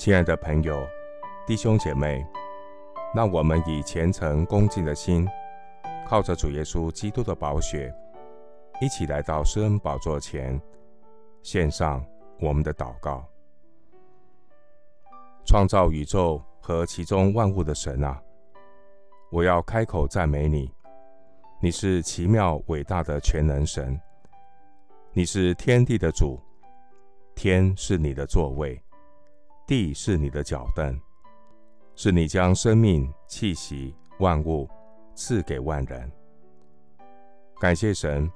親愛的朋友、弟兄姐妹，讓我們以虔誠恭敬的心，靠着主耶穌基督的寶血，一起來到施恩寶座前，獻上我們的禱告。創造宇宙和其中萬物的神啊，我要開口讚美你，你是奇妙偉大的全能神，你是天地的主，天是你的座位。地是你的腳凳，是你將生命、氣息、萬物賜給萬人。感謝神，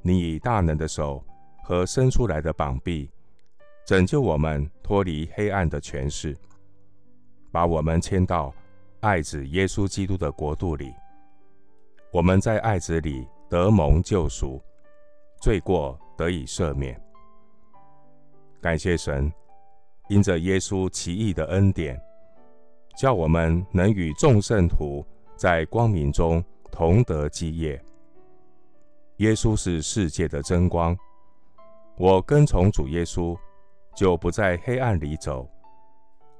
你以大能的手和伸出來的膀臂，拯救我們脫離黑暗的權勢，把我們牽到愛子耶穌基督的國度裡。我們在愛子裡得蒙救贖，罪過得以赦免。感謝神。因着耶穌奇異的恩典，叫我們能與眾聖徒在光明中同得基業。耶穌是世界的真光。我跟從主耶穌，就不在黑暗裡走，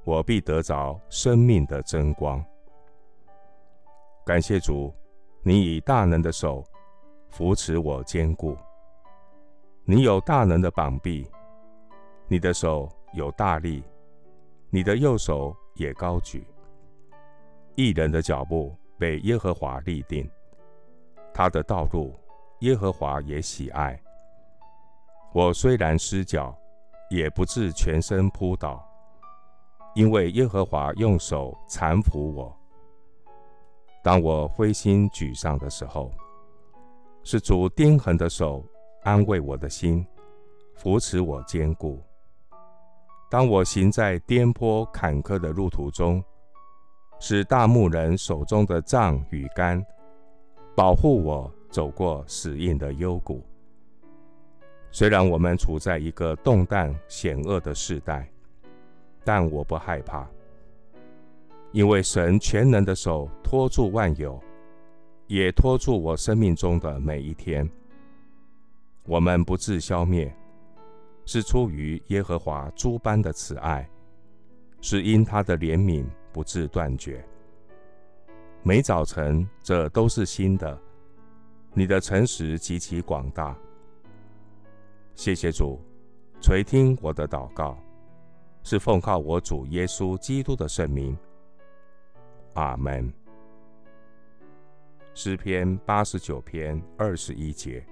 我必得着生命的真光。感謝主，你以大能的手扶持我堅固。你有大能的膀臂，你的手，有大力，你的右手也高舉。義人的腳步被耶和華立定，他的道路耶和華也喜愛。我雖然失腳，也不至全身撲倒，因為耶和華用手攙扶我。當我灰心沮喪的時候，是主釘痕的手安慰我的心，扶持我堅固。當我行在顛簸坎坷的路途中，是大牧人手中的杖與竿保護我走過死蔭的幽谷。雖然我們處在一個動盪險惡的世代，但我不害怕，因為神全能的手托住萬有，也托住我生命中的每一天。我們不致消滅。是出於耶和華諸般的慈愛，是因他的憐憫不致斷絕。每早晨這都是新的，你的誠實極其廣大。謝謝主垂聽我的禱告，是奉靠我主耶穌基督的聖名。阿門。詩篇八十九篇二十一節，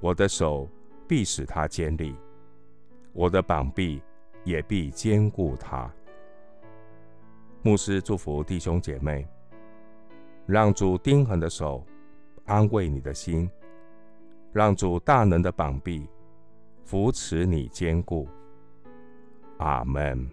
我的手。必使他堅立，我的膀臂也必堅固他。牧師祝福弟兄姐妹，讓主釘痕的手安慰你的心，讓主大能的膀臂扶持你堅固。阿門。